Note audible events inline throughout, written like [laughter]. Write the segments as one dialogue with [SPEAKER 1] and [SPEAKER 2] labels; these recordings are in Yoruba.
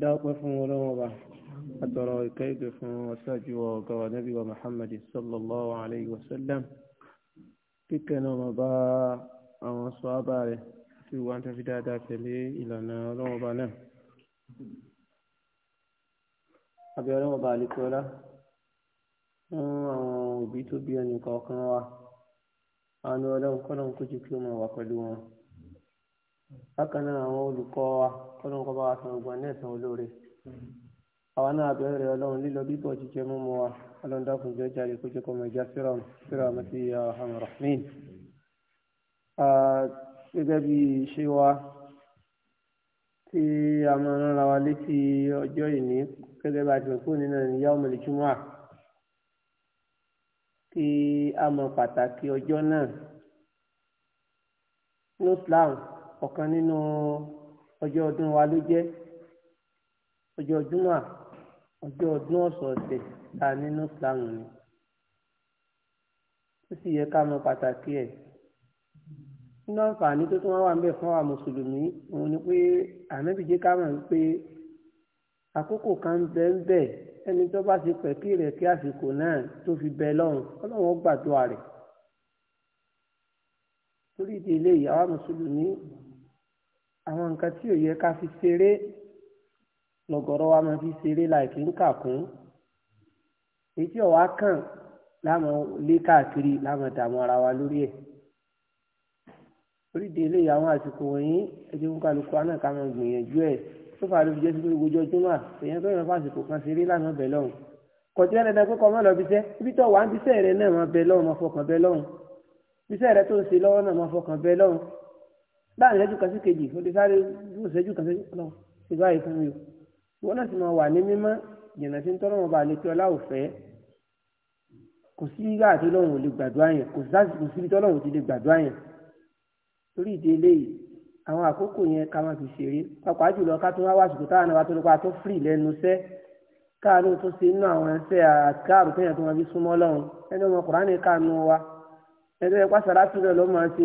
[SPEAKER 1] dáwọ́pẹ́ fún ọlọ́wọ́n bá àtọ̀rọ̀ ìkẹ́ẹ̀kẹ́ fún ọ̀sájú ọ̀gá wa nabi wa muhammad sallallahu alayhi wa sallam kíkẹ́ náà ma bá àwọn sọ́ábà rẹ̀ tí wọ́n tẹ́ fi dáadáa tẹ̀lé ìlànà ọlọ́wọ́n bá náà àbí ọlọ́wọ́n bá àlekọ́lá fún àwọn òbí tó bí ẹnì kọ̀ọ̀kan wa àwọn ọlọ́wọ́n kọ́lọ́wọ́n kó jù kí ó máa wà pẹ̀lú wọn bákan náà àwọn olùkọ́ wa ọlọ́run kọ́ bá wa san ògùn náà san olóore àwa náà bẹ̀rẹ̀ rẹ̀ ọlọ́run lílọ bíbọ̀ jíjẹ mímu wa ọlọ́run dákun jẹ́ jáde kó jẹ́ kó mọ ìjà síra síra àmọ́tí àwọn rahmin. gẹ́gẹ́ bí ṣé wa tí a máa ń ra wa létí ọjọ́ ìní gẹ́gẹ́ bá ti mọ̀ kó nínú ẹ̀yìn yá ọmọlẹ̀ kí a mọ pàtàkì ọjọ́ náà ní Islam ọ̀kan nínú ọjọ́ ọdún wa ló jẹ́ ọjọ́ júmọ́ ọjọ́ ọdún ọ̀sọ̀ọ̀sẹ̀ ta nínú Islam ni ó sì yẹ ká mọ pàtàkì ẹ̀ nínú àǹfààní tó tún wá wà ń bẹ fún àwọn mùsùlùmí òun ni pé ànábìjẹ́ ká mọ̀ pé àkókò kan ń bẹ ń bẹ ẹni tó bá ti pẹ̀ kí rẹ̀ kí àsìkò náà tó fi bẹ lọ́run ọlọ́run gbàdúrà rẹ̀ torí ìdílé ìyàwó mùsùlùmí àwọn nǹkan tí ò yẹ ká fi ṣeré lọ́gọ̀rọ̀ wa máa fi ṣeré láìkí ń kà kún èyí tí ọ̀wá kàn láwọn lé káàkiri láwọn dààmú ara wa lórí ẹ̀ orídìí eléyìí àwọn àsìkò wọ̀nyí ẹjẹ́ ń kálukú àná ká máa gbìyànjú ẹ̀ tó fà ló fi jẹ́ sí pé gbogbo ọjọ́mọ́ èèyàn fẹ́ràn fásitì kan ṣeré lánàá bẹ̀ lọ́hùn
[SPEAKER 2] kọjú ẹ̀rẹ́dẹ́ pé kọ́ mọ́ lọ bíṣẹ́ ibi tó wà ń bíṣẹ́ rẹ náà máa bẹ lọ́hùn máa fọkàn bẹ lọ́hùn bíṣẹ́ rẹ tó ń ṣe lọ́wọ́ náà máa fọkàn bẹ lọ́hùn láàrin ẹjú kan sí kejì ó ti sáré ó
[SPEAKER 1] ṣẹ́jú kan sí lọ ṣe báyìí fún mi o wọn náà sì máa wà ní mímọ́ jìnnà sí ń tọrọ wọn bá lè fi ọlá òfẹ́ kò sí ìgbà àti lọ́run ò lè gbàdúrà yẹn kò sí àsìkò síbi tọ́lọ́run ò ti lè gbàdúrà yẹn torí ìdí eléyìí àwọn àkókò yẹn ká máa fi ṣeré
[SPEAKER 2] pàápàá jùlọ ká tún wá wá àsìkò táwọn àwọn àtọ́lọ́pàá tó fìrì lẹ́nu iṣẹ́ káàánú tó ṣe inú àwọn
[SPEAKER 1] ẹsẹ̀ àkáàrò kéèyàn tó máa fi súnmọ́ lọ́run ẹni ọmọ kùránì káàánú wa ẹni tó yẹ pásá látúndẹ̀ ló máa ṣe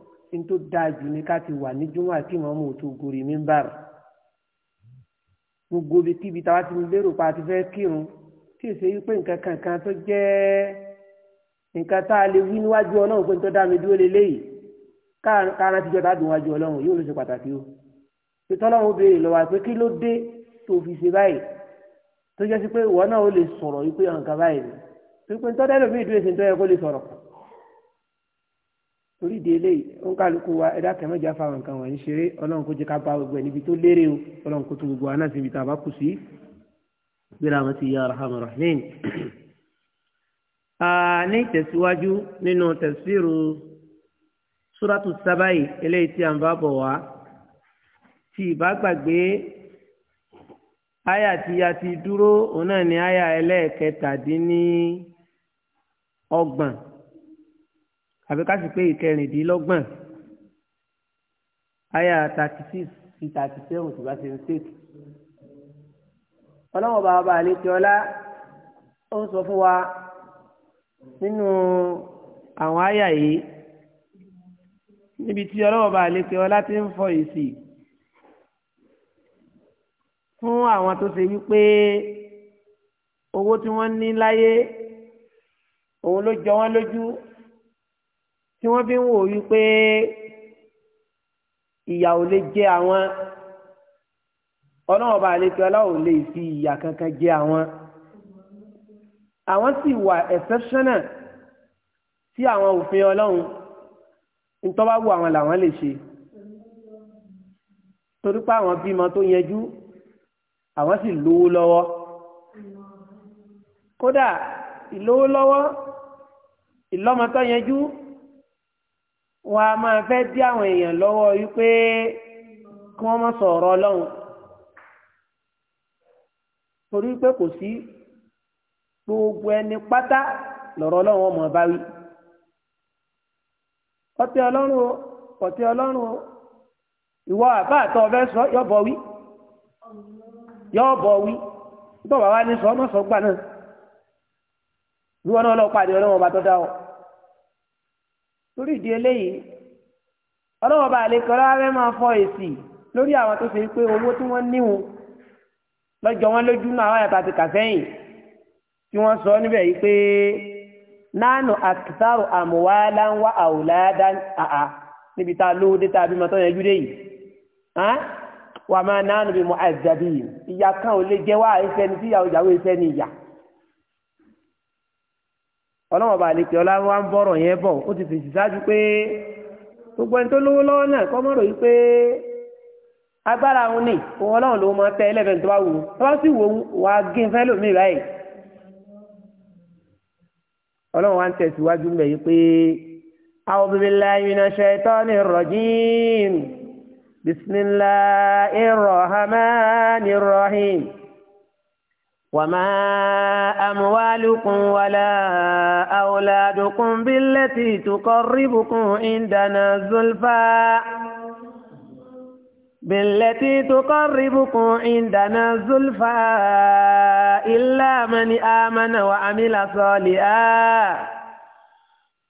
[SPEAKER 2] ní tó dáa jù ní ká ti wà ní júmọ́ àti ìmọ̀ọ́mù tó gorí mímbàr gbogbo ibi kíbi táwa ti ń lérò pa àti fẹ́ kírun tí ì ṣe wípé nǹkan kankan tó jẹ́ nǹkan tá a lè wí níwájú ọlọ́run pé ní tó dá mi dúró lélẹ́yìí káàrà tíjọ́ tá a dùn wájú ọlọ́run yóò ló ṣe pàtàkì o pété ọlọ́run ó béèrè lọ́wọ́ pé kí ló dé tó fi ṣe báyìí tó jẹ́ sí pé ìwọ náà ó lè sọ̀rọ̀ wípé ọ̀nkà báyìí pé ní tọ́jú ẹlòmíì dúró ṣe ń tọ́jú ẹ kó lè sọ̀rọ̀ kù torí ìdí eléyìí
[SPEAKER 1] wọn kálukú wa ẹ̀dá kẹmẹjà fáwọn nǹkan wọ̀nyí ṣeré Ọlọ́run kó jẹ ká bá gbogbo ẹ níbi tó lérè o Ọlọ́run kó tún gbogbo wa náà síbi tá a bá kù sí gbéra wọn ti yá arhamar rahim. ní ìtẹ̀síwájú nínú tafsiru
[SPEAKER 2] súrátù sábàyì eléyìí tí a ń bá bọ̀ wá tí ìbá gbàgbé àyà tí a ti dúró òun náà ní àyà ẹlẹ́ẹ̀kẹtàdínní
[SPEAKER 1] ọgbọ̀n àbí ká sì pé ìkẹrìndínlọ́gbọ̀n àyà thirty six sí thirty seven tó bá ti ń ṣètò.
[SPEAKER 2] ọlọ́wọ́n bá ọba àlékè ọlá ó ń sọ fún wa nínú àwọn àyà yìí níbi tí ọlọ́wọ́n bá àlékè ọlá ti ń fọ èsì fún àwọn tó ṣe wípé owó tí wọ́n ní láyé òun ló jọ wọ́n lójú tí wọ́n fi ń wò wípé ìyà ò lè jẹ àwọn ọlọ́run ọba àlejò aláwọ̀ lè fi ìyà kankan jẹ àwọn àwọn sì wà exceptional sí àwọn òfin ọlọ́run ntọ́ba wo àwọn làwọn lè ṣe torí pé àwọn bímọ tó yẹjú àwọn sì lówó lọ́wọ́ kódà ìlówó lọ́wọ́ ìlọ́mọ tó yẹjú wọn a máa fẹ́ dí àwọn èèyàn lọ́wọ́ wípé kí wọ́n má sọ̀rọ̀ ọlọ́run torí pé kò sí gbogbo ẹni pátá lọ̀rọ̀ ọlọ́run ọmọ bá wí ọtí ọlọ́run o ọtí ọlọ́run o ìwọ àbá àtọ́ ọbẹ̀ sọ yọ̀bọ̀ wí yọ̀bọ̀ wí bọ́ọ̀ bá wá ní sọ ọmọ sọ gbà náà ìwọ náà lọ pàdé ọlọ́run ọba tó dá ọ lórí ìdí eléyìí ọlọ́wọ́ bá àlekọ́ lábẹ́ máa fọ èsì lórí àwọn tó ṣe pé owó tí wọ́n níwò lọ́jọ́ wọn lójú náà àwọn àyàtà ti kà sẹ́yìn tí wọ́n sọ níbẹ̀ yìí pé nánú àkìtàrò àmúwálá ń wá àwòládá àá níbi tá a lówó dé tá a bímọ tó yanjú dé yìí wà máa nánú bí mo àjàbí ìyá kan ò lè jẹ́ wá ẹsẹ̀ ní tíyàwó ìyàwó ẹsẹ̀ ní ìyà ọlọ́wọ́n bá lè pè ọ́ láwọn ń bọ̀rọ̀ yẹn bọ̀ ó ti fèsì ṣáájú pé gbogbo ẹni tó lówó lọ́wọ́ náà kọ́ mọ́rọ̀ yìí pé agbára òun ni òun ọlọ́run ló mọ tẹ ẹlẹ́fẹ̀ẹ́ tó bá wù ú tó bá sì wù ú wàá gé fẹ́ lómìn báyìí ọlọ́run wa ń tẹ̀síwájú ń yìí pé a'udhu billahi minash shaitanir rajim bismillahir rahmanir rahim. وما أموالكم ولا أولادكم بالتي تقربكم عندنا زلفى بالتي تقربكم عندنا زلفى إلا من آمن وعمل صالحا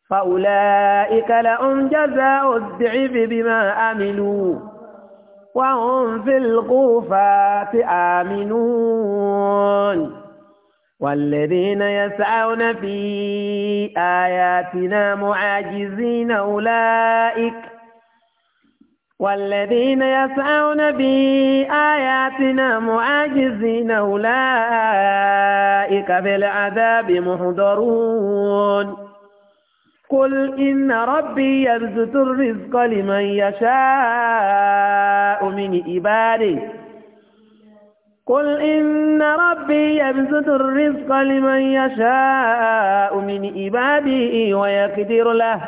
[SPEAKER 2] فأولئك لهم جزاء الضعف بما عملوا وهم في الغوفات آمنون والذين يسعون في آياتنا معاجزين أولئك والذين يسعون بآياتنا معاجزين أولئك بالعذاب محضرون قل إن ربي يبسط الرزق لمن يشاء من عباده قل إن ربي يبسط الرزق لمن يشاء من عباده ويقدر له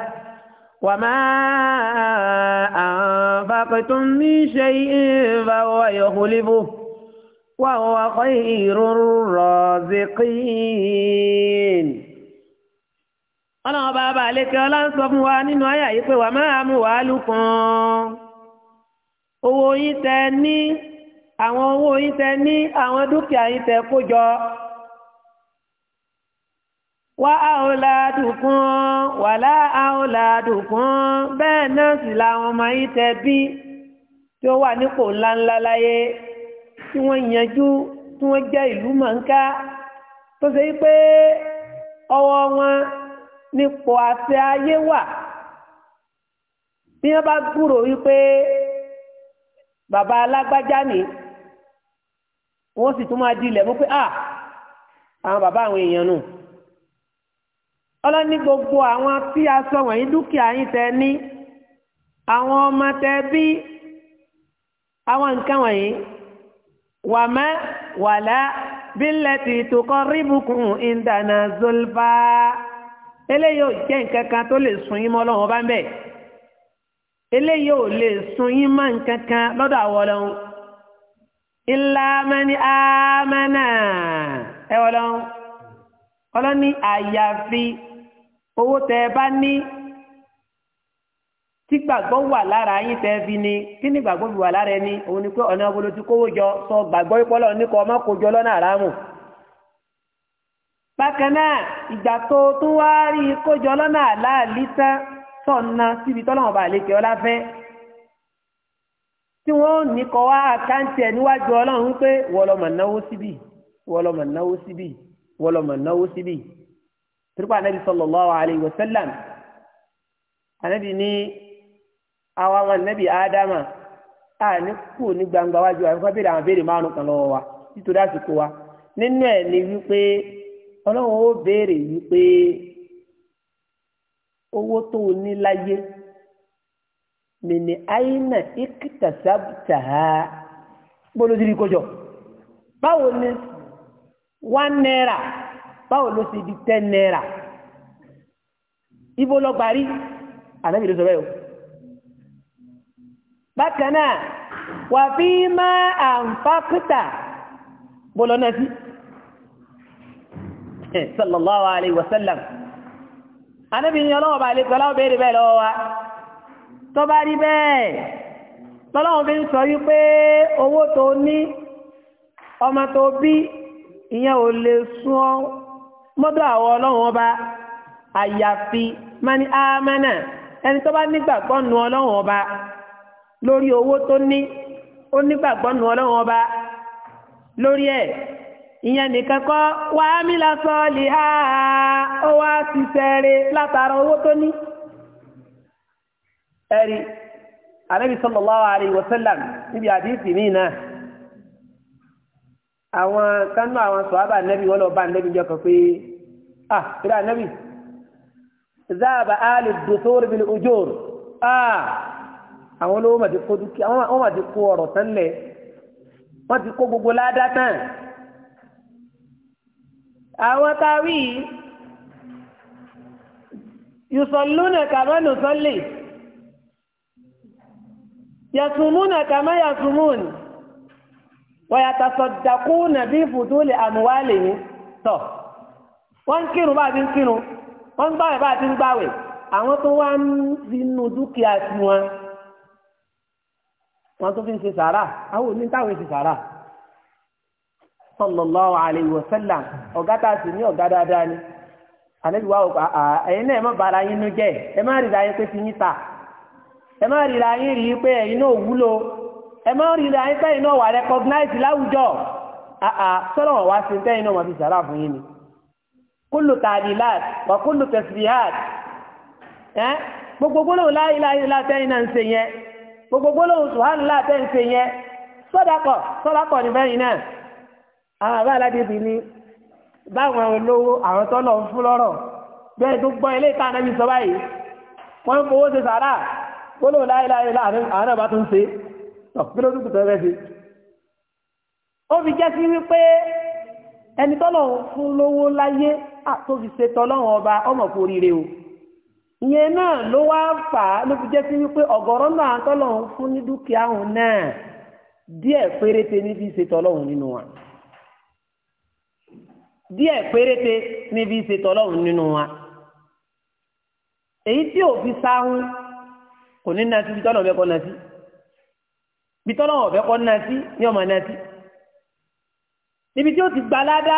[SPEAKER 2] وما أنفقتم من شيء فهو يخلفه وهو خير الرازقين ọlọ́run bá bá lékè ọlọ́run sọ fún wa nínú àyà yìí pé wà máa mú wàá lù kàn owó yín tẹ ní àwọn owó yín tẹ ní àwọn dúkìá yín tẹ kó jọ wá àwòládùkún wàlá àwòládùkún bẹ́ẹ̀ náà sì làwọn ọmọ yín tẹ bí tí ó wà nípò ńláńlá láyé tí wọ́n yanjú tí wọ́n jẹ́ ìlú mọ̀ńká tó ṣe pé ọwọ́ wọn nípò àti ayé wà bí wọ́n bá gbúrò wípé bàbá alágbájá ni wọ́n sì tún máa dilẹ̀ mú pé ah àwọn bàbá àwọn èèyàn nù ọlọ́ni gbogbo àwọn tí a sọ wọ̀nyí dúkìá yín tẹ ní àwọn ọmọ tẹ bí àwọn nǹkan wọ̀nyí wà mẹ́ wàlá bílẹ̀ tì tó kọ́ ríbùkún ìdáná zolfà. eléyìí ò jẹ́ nǹkan kan tó lè sun yín mọ́ ọlọ́run ọba ń bẹ̀ eléyìí ò lè sun yín mọ́ nǹkan kan lọ́dọ̀ àwọ̀ ẹ ọlọ́run ọlọ́run ní àyàfi owó tẹ ẹ bá ní tí gbàgbọ́ wà lára yín tẹ ẹ fi ni kí ni gbàgbọ́ fi wà lára ni pé ọ̀nà ọbọlójú kówó jọ sọ gbàgbọ́ ìpọ́lọ́ ní bákan náà ìgbà tó tó wá rí kójọ lọ́nà àláàlí tán sọ̀nà síbi tọ́lọ́mọba àlejò ọlá fẹ́ tí wọ́n ní kọ́ wá àkáǹtì ẹ̀ níwájú ọlọ́run pé wọlọ́mọ̀ náwó síbì wọlọ́mọ̀ náwó síbì wọlọ́mọ̀ náwó síbì tìrúpà anábì sallallahu alayhi wa sallam anábì ní àwọn ọmọ anábì ádámà a ní kú ní gbangba wájú àwọn fẹ́ bèrè àwọn béèrè márùn kan lọ́wọ́ wa nítorí àsìkò wa nínú ẹ̀ ní wípé ọlọ́run ó béèrè wípé owó tó o ní láyé mìíní àyínà ìkìtàsábùtà ha gbólódìrí kọjọ báwo ni one naira báwo ló ṣe di ten naira ibo lọ parí ànábì ló sọ bẹ́ẹ̀ o bákan náà wàá fi máa àǹfààkútà bọ́lọ́ náà sí. [laughs] sallallahu alayhi wa sallam anabi ni ọlọ́wọ́ bá lè tọ́lá béèrè bẹ́ẹ̀ lọ́wọ́ wa tó bá rí bẹ́ẹ̀ tọ́lọ́wọ́ fi ń sọ wípé owó tó ní ọmọ tó bí ìyẹn ò lè sún ọ mọ́dọ̀ àwọn ọlọ́run ọba àyàfi mani amana ẹni tó bá nígbàgbọ́ nu ọlọ́run ọba lórí owó tó ní ó nígbàgbọ́ nu ọlọ́run ọba lórí ẹ̀ ìyẹn nìkan kọ́ wà á mi lásán lè ha ó wá ṣiṣẹ́ rẹ̀ látara owó tó ní. ẹ̀rí ànábì sallallahu alaihi wasallam níbi àdìsí mi náà àwọn kánú àwọn sọ̀hábà nẹ́bí wọ́n lọ bá nẹ́bí jọ kan pé ah ìdá nẹ́bí zaaba alu dòtóòrò bíi ojóòrò ah àwọn olówó màdí kó dúkìá wọ́n màdí kó ọ̀rọ̀ tán wọ́n ti kó gbogbo ládá tán àwọn tawí yùsọ̀lúnà kàmá nùsọ́lì yàtùmúnà kàmá yàtùmún wàyàtàsọ̀dàkú nàbí fùtúlẹ̀ àmúwálẹ̀ ní tọ̀ wọ́n ń kírun bá ti ń kírun wọ́n ń gbàwẹ̀ bá ti ń gbàwẹ̀ àwọn tó wá ń bínú dúkìá tiwọn wọ́n tó fi ń ṣe sàárà àwọn sàárà sallallahu alayhi wa sallam ọ̀gá tá a sì ní ọ̀gá dáadáa ni àlejò wa ọ̀gá ẹ̀yin náà ẹ má bàrà yín nu jẹ́ ẹ má rírà yín pé fi yín ta ẹ má rírà yín rí pé ẹ̀yin náà wúlò ẹ má rírà yín pé ẹ̀yin náà wà recognize láwùjọ sọ́dọ̀ wọn wá sí tẹ́yìn náà wọn fi sàrà fún yín ni kúlù tàdílàt wà kúlù tẹ̀síríhàt ẹ́ gbogbo gbólóhùn la ilaha illa tẹ́yìn náà ń ṣe yẹn gbogbo gbólóhùn subhanallah tẹ́yìn ṣe yẹn sọ́dọ̀kọ̀ sọ́dọ̀kọ̀ nífẹ̀yìn náà àwọn àbá aládébí ni báwọn olówó àwọn tó lọ fún lọ́rọ̀ bẹ́ẹ̀ tó gbọ́ ilé ìta anábì sọ báyìí wọ́n ń fowó ṣe sàárà kóló láéláé àwọn náà bá tún ṣe ọ̀pẹ́ lórí kùtọ́ rẹ̀ ṣe. ó fi jẹ́ sí wípé ẹni tọ́lọ̀ fún lówó láyé tó o ìyẹn náà ló wá fà á ló fi jẹ́ sí wípé ọ̀gọ̀rọ̀ náà tọ́lọ̀ fún ní dúkìá òun náà díẹ̀ péréte ní fi ṣe tọ́lọ́run nínú wọn díẹ̀ péréte níbi ìṣètò ọlọ́run nínú wa èyí tí òfin sáhún kò ní na sí bí tọ́lọ̀ bẹ́ẹ̀ kọ́ na sí bí tọ́lọ̀ ọ̀bẹ́ kọ́ na sí ní ọmọ na sí níbi tí ó ti gba ládá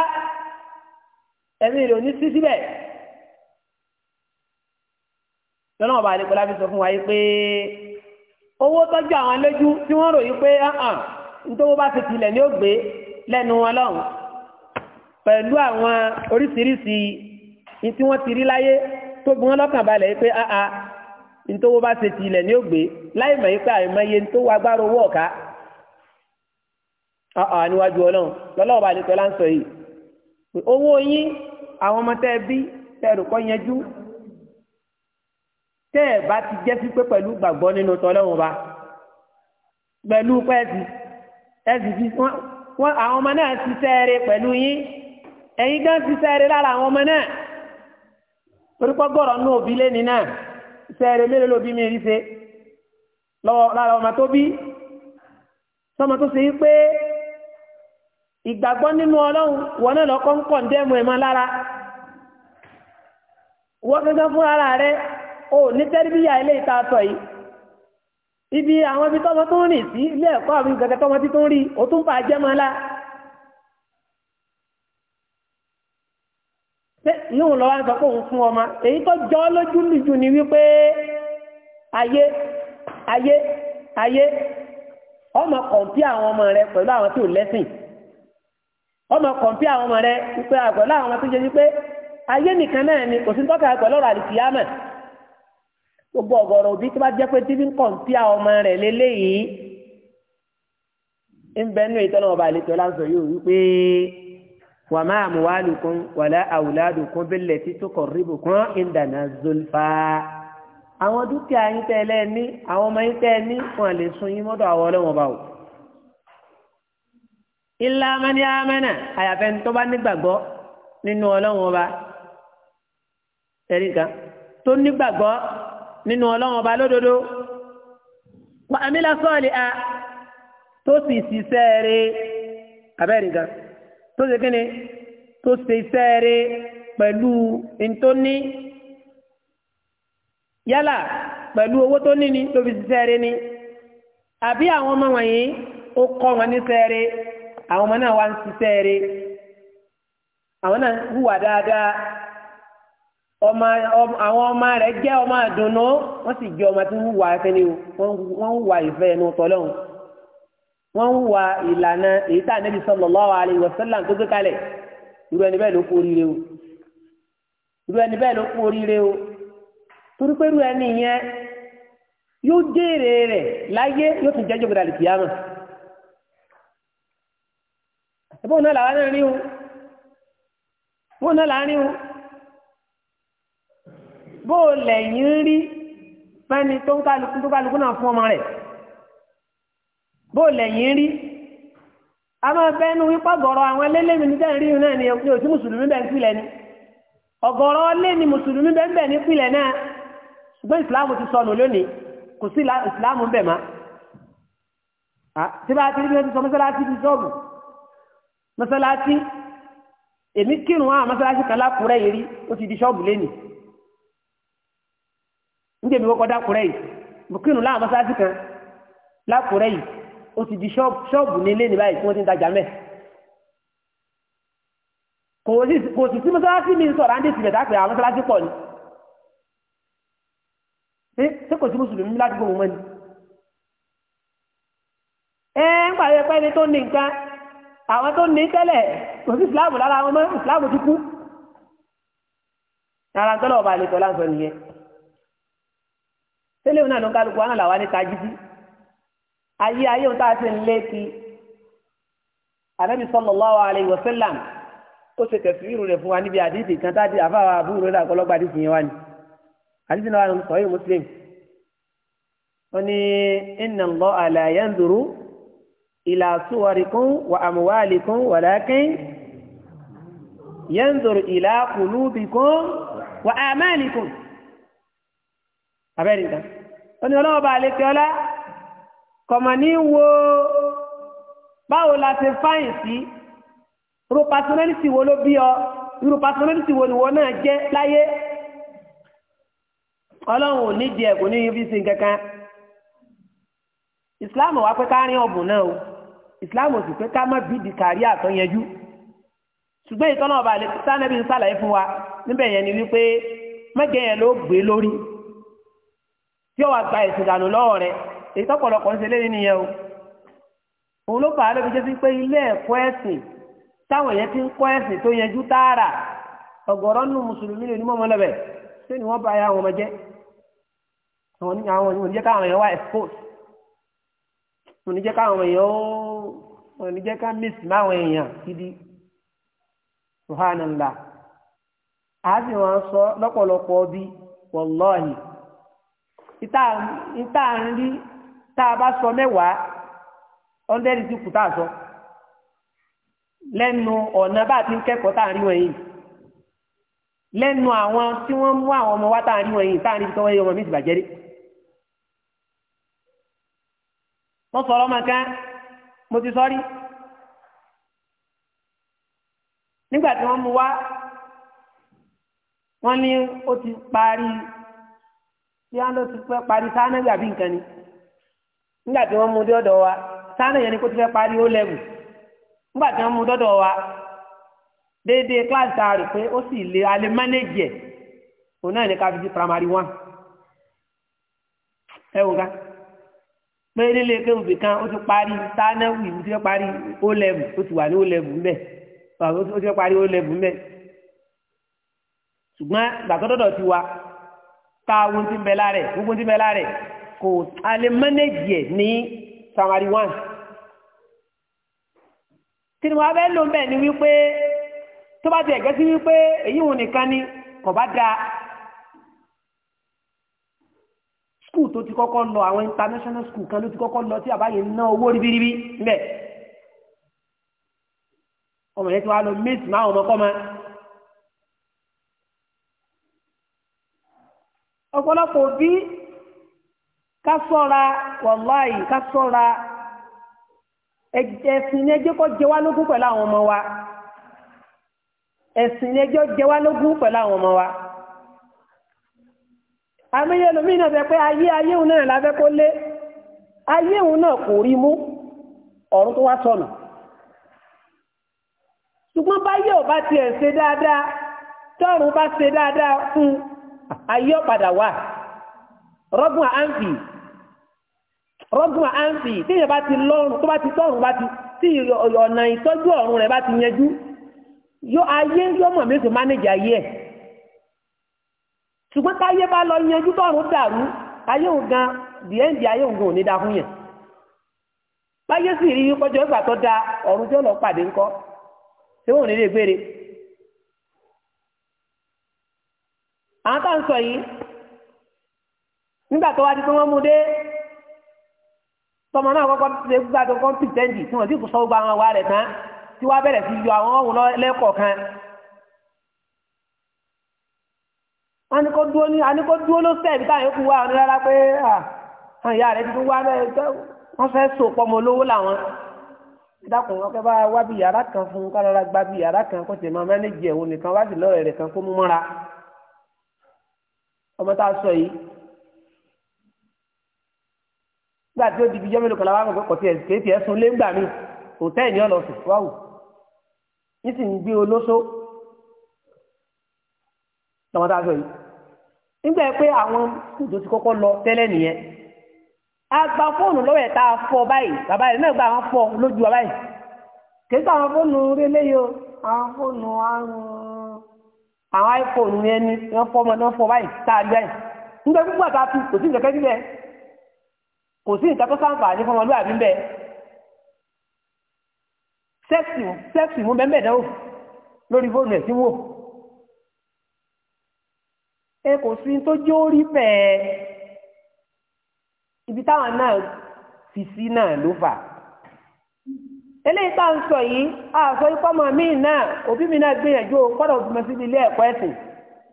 [SPEAKER 2] ẹ̀mí rẹ̀ ò ní sí síbẹ̀ lọ́nà ọba àdìpọ̀ láti sọ fún wa yìí pé owó tọ́jú àwọn lójú tí wọ́n rò yìí pé nítorí wọ́n bá ti tilẹ̀ ní ó lẹ́nu wọn lọ́hùn-ún pẹ̀lú àwọn oríṣiríṣi ní tí wọ́n ti rí láyé tó gbọ́n wọn lọ́kàn balẹ̀ yìí pé áá ah, ah, ntòwó bá ṣe ti ilẹ̀ ní ògbé láì mọ̀ yìí pé àìmọ̀ iye ntòwó agbára owó ọ̀ka áá ah, níwájú ọlọ́run lọ́lọ́wọ́ bá nìkan láǹsọ yìí owó yín àwọn ọmọ tẹ́ ẹ bí tẹ́ ẹ rò kọ́ yẹjú tẹ́ ẹ bá ti jẹ́ sí pé pẹ̀lú gbàgbọ́ nínú tọ́lọ́run ba pẹ̀lú pẹ́ẹ́sì ẹ̀sì fi wọ́n àwọn ọmọ náà ti sẹ́ẹ̀rẹ̀ pẹ̀lú yín ẹ̀yin gan ti sẹ́ẹ̀rẹ́ lára àwọn ọmọ náà torípọ́ gọ̀rọ̀ ní òbí lẹ́ni náà sẹ́ẹ̀rẹ́ mélòó lóbi mi rí ṣe lára ọmọ tó bí sọmọ tó ṣe yí pé ìgbàgbọ́ nínú ọlọ́run wọn náà lọ́kọ́ ń kọ̀ ń dẹ́mu lára wọ́n gẹ́gẹ́ fún ara rẹ o ní tẹ́lifíyà ilé ìta sọ yìí ibi àwọn ibi tọ́mọ tó ń rìn sí ilé ẹ̀kọ́ àwọn ìgbàgbẹ́ tọ́mọ tí tó ń rí o tún fà á níhùn lọ́wọ́ sọ pé òun fún ọmọ èyí tó jọ lójú lùjù ni wípé ayé ayé ayé ọmọ kọ̀ǹpí àwọn ọmọ rẹ pẹ̀lú àwọn tí ò lẹ́sìn ọmọ kọ̀ǹpí àwọn ọmọ rẹ wípé pẹ̀lú àwọn ọmọ tó jẹ́ wípé ayé nìkan náà ni kò sí tọ́ka pẹ̀lú ọ̀rọ̀ àlìkìyámẹ̀ gbogbo ọ̀gọ̀rọ̀ òbí tó bá jẹ́ pé tíbi ń kọ̀ǹpí àwọn ọmọ rẹ léléyìí ń bẹ́ẹ̀ nù ìtọ́nà ọba àlejò láǹsọ̀ yóò wípé wà má àmúwálùkún wàlá àwùládùkún bílẹ̀ títún kọ̀ ríbùkún ìdànà zolfa. àwọn dúkìá yín tẹ́ ẹlẹ́ ní àwọn ọmọ yín tẹ́ ẹ ní wọn lè sun yín mọ́dọ̀ àwọn ọlọ́wọ́n bá wò. ilá lódodo wà á mílá sọ́ọ̀lì a tó sì ṣiṣẹ́ rẹ̀ abẹ́rẹ́ tó ṣe kíni tó ṣe iṣẹ́ rẹ̀ pẹ̀lú ntóní yálà pẹ̀lú owó tó ní ni ló fi ṣiṣẹ́ rẹ̀ ni àbí àwọn ọmọ wọ̀nyí ó kọ́ wọn níṣẹ́ rẹ̀ àwọn ọmọ náà wá ń ṣiṣẹ́ rẹ̀ àwọn náà hùwà dáadáa àwọn ọmọ rẹ̀ jẹ́ ọmọ àdùnnú wọ́n sì jẹ́ ọmọ tí hùwà ẹfẹ́ ni wọ́n hùwà ìfẹ́ ẹnu tọ́lọ́hùn wọ́n ń wa ìlànà èyí tá ànábì sallallahu alaihi wasallam tó gbé kalẹ̀ irú ẹni bẹ́ẹ̀ ló kú oríire o irú ẹni bẹ́ẹ̀ ló kú oríire o torí pé irú ẹni yẹn yóò jèrè rẹ̀ láyé yóò tún jẹ́jọ́ gbọdọ̀ àlùkìyàmà ẹ̀bọ́n náà làwọn náà rí o bóun náà láàrin o bóun lẹ́yìn rí fẹ́ni tó ń kálukú tó kálukú náà fún ọmọ rẹ̀. bó lẹ́yìn rí a máa bẹ́nu wípé ọ̀gọ̀rọ̀ àwọn ẹlẹ́lẹ́mi ní sẹ́yìn rí iná ni ní òsì mùsùlùmí bẹ́ẹ̀ nípìnlẹ̀ ni ọ̀gọ̀rọ̀ lé ni mùsùlùmí bẹ́ẹ̀ nípìnlẹ̀ náà ṣùgbọ́n ìsìláàmù ti sọnù lónìí kò sí ìsìláàmù bẹ̀ ti sọ ó ti di ṣọ́ọ̀bù nílé ní báyìí tí wọ́n ti ń tajà mẹ́ kò sì sí mọ́sálásí mi sọ̀rọ̀ àǹdí ìsìlẹ̀ dápẹ́ àwọn mọ́sálásí pọ̀ ni ṣé kò sí mùsùlùmí ládùúgbò wọn ni ẹ ń pàdé pẹ́ ni tó ní nǹkan àwọn tó ní tẹ́lẹ̀ kò sí ìsìláàmù lára wọn mọ́ ìsìláàmù ti kú ara ń tọ́lọ̀ ọba àlejò láǹfọ̀ nìyẹn tẹ́lẹ̀ náà ló ń kálukú wọn náà làwọn ní tají sí ayé ayé òun tá a ti ń lé ti anabi sallallahu alayhi wa sallam ó ṣe tẹ̀síwìrì rẹ̀ fún wa níbi àdìsí kan tá a di àfáwà àbúrò rẹ̀ àkọlọ́gbà àdìsí yẹn wá ni àdìsí náà wà ní sọ̀rọ̀ muslim ó ní inna Allaha la yanzuru ila suwarikum wa amwalikum walakin yanzuru ila qulubikum wa a'malikum abẹ́rẹ́ nǹkan ó ní ọlọ́wọ́ bá a fi ọlá kọ̀mọ̀ ní wo báwo la ṣe fáyìn sí irú pásọ̀nẹ́lìtì wo ló bí ọ irú pásọ̀nẹ́lìtì wo nìwọ náà jẹ́ láyé ọlọ́run ò ní díẹ̀ kò ní yín fi sin kankan ìsìláàmù wá pé ká rin ọ̀bùn náà o ìsìláàmù sì pé ká má bídì kárí àtọ́yẹjú ṣùgbọ́n ìtọ́nà ọba àlẹ́ sánẹ́bí ń sàlàyé fún wa níbẹ̀ yẹn ni wípé mẹ́gẹ̀ ló gbé lórí tí ó wà gba ẹ̀sìn dànù lọ́wọ́ rẹ̀ èyí tọ́pọ̀lọpọ̀ ń ṣe lé nìyẹn o òun ló fàá lóbi jẹ́ sí pé ilé ẹ̀kọ́ ẹ̀sìn táwọn èèyàn ti ń kọ́ ẹ̀sìn tó yẹjú tààrà ọ̀gọ̀rọ̀ nù mùsùlùmí lè ní mọ́mọ́ lọ́bẹ̀ ṣé ni wọ́n bá ya àwọn ọmọ jẹ́ àwọn oníjẹ́ káwọn èèyàn wá expose oníjẹ́ káwọn èèyàn ó ká miss máwọn èèyàn a sì wọn sọ lọ́pọ̀lọpọ̀ ìta tá a bá sọ mẹ́wàá ọ̀ndẹ́rì ti kù tá a sọ lẹ́nu ọ̀nà bá a ti ń kẹ́kọ̀ọ́ tá a rí wọ̀nyí lẹ́nu àwọn tí wọ́n mú àwọn ọmọ wa tá a rí wọ̀nyí tá a rí tọ́wọ́ yẹ ọmọ mi ti bàjẹ́ rí. wọ́n sọ̀rọ̀ ọmọ kan mo ti sọ nígbà tí wọ́n mú wá wọ́n ní ó ti parí tí wọ́n ló ti pẹ́ parí sáánẹ́gbà bí nǹkan ni nígbà tí wọ́n mú dọ́dọ̀ wa sáánà yẹn ni kó ti fẹ́ parí ó lẹ́wù nígbà tí wọ́n mú dọ́dọ̀ wa déédéé kíláàsì ta rò pé ó sì lè alẹ́ mánéjì ẹ̀ òun náà ní ká fi di primary one ẹ wò ká pé nílé kéwù kan ó ti parí sáánà wì ó ti fẹ́ parí ó lẹ́wù ó ti wà ní ó lẹ́wù ńbẹ̀ ó ti fẹ́ parí ó lẹ́wù ńbẹ̀ ṣùgbọ́n gbàtọ́dọ̀dọ̀ ti wa ta ohun ti ń bẹ lára ẹ̀ gbogbo ti ń bẹ lára ẹ̀ kò a lè mẹ́nẹ́jì ẹ̀ ní primary one tinubu abẹ́ ló ń bẹ̀ ni wípé tó bá ti ẹ̀gẹ́ sí wípé èyí wọn nìkan ni kò bá dáa skul tó ti kọ́kọ́ lọ àwọn international school kan ló ti kọ́kọ́ lọ tí àbáyé ná owó ribiribi ńbẹ ọmọ yẹn ti wá lọ mix máa ọmọ kọ́ ma ọ̀pọ̀lọpọ̀ bí ká sọ́ra wàláì ká sọ́ra ẹ̀sìn ni ẹjọ́ kọ́ jẹ wá lógún pẹ̀lú àwọn ọmọ wa ẹ̀sìn ni ẹjọ́ jẹ wá lógún pẹ̀lú àwọn ọmọ wa. àmúyẹ lómìn náà fẹ́ pé ayé ayé òun náà la fẹ́ kó lé ayé òun náà kò rí mú ọ̀run tó wá sọnù. ṣùgbọ́n báyé ò bá tiẹ̀ ṣe dáadáa tọ́run bá ṣe dáadáa fún ayé ọ̀padà wà rọ́gùn àǹfì. rọ́gùn fi téèyàn bá ti lọ́rùn tó bá ti tọ́rùn bá ti tí ọ̀nà ìtọ́jú ọ̀run rẹ̀ bá ti yanjú yọ ayé yọ mọ̀ mẹ́sàn mánéjì ayé ẹ̀ ṣùgbọ́n táyé bá lọ yanjú tọ́rùn dàrú ayé the da fún yẹn báyé sì rí da ọ̀run tí ó lọ pàdé wọn ò ní lè gbére àwọn tọmọ náà kọ́kọ́ ṣe gbádùn kọ́ pìtẹ́ǹdì tí wọ́n sì kò sọ gbogbo àwọn wa rẹ̀ tán tí wọ́n bẹ̀rẹ̀ sí yọ àwọn ọ̀hún lẹ́kọ̀ọ̀kan. anikó dúró ní anikó dúró ló sẹ́ẹ̀ bí táyọ̀ kú wá ọ̀nà rárá pé àwọn ìyá rẹ̀ ti wá bẹ́ẹ̀ wọ́n fẹ́ so pọ́mọ olówó làwọn. dákun ọkẹ́ bá wá bí yàrá kan fún kálọ́lá gbá bí yàrá kan kó tèmi ọmọ ẹni jẹ̀ nìkan wá sí lọ́ọ̀rẹ̀ rẹ̀ kan kó mú mọ́ra. ọmọ tá sọ yìí gbà tí ó di bíjọ́ mélòó kan láwọn àgbẹ̀ kọ̀ tí ẹ̀ kéèké ẹ̀ sun lé ńgbà mí òtẹ́ ìní ọ̀nà sùn wáwù yìí sì ń gbé olóṣó tọmọ tá a sọ yìí nígbà pé àwọn kùtù ti kọ́kọ́ lọ tẹ́lẹ̀ nìyẹn a gba fóònù lọ́wọ́ ẹ̀ tá a fọ báyìí bàbá rẹ̀ náà gba àwọn fọ lójú wa báyìí kéèké àwọn fóònù rélé yìí o àwọn fóònù àwọn iPhone yẹn ni wọ́n fọ́ ọmọ náà fọ báyìí tá a gbẹ́ nígbà gbogbo àtàkùn kò sí ìjọkẹ́ kò sí nǹkan tó sáǹfààní fún ọmọlúwàbí ń bẹ sẹ́ẹ̀sì sẹ́ẹ̀sì mú bẹ́ẹ̀ mẹ́ẹ̀dánwò lórí fóònù ẹ̀ sí wò ẹ kò sí tó jó rí bẹ́ẹ̀ ibi táwọn náà fi sí náà ló fà eléyìí tá à ń sọ yìí àṣọ ikọ́ ọmọ mi náà òbí mi náà gbìyànjú kọ́dọ̀ òbí mi sí ilé ẹ̀kọ́ ẹ̀sìn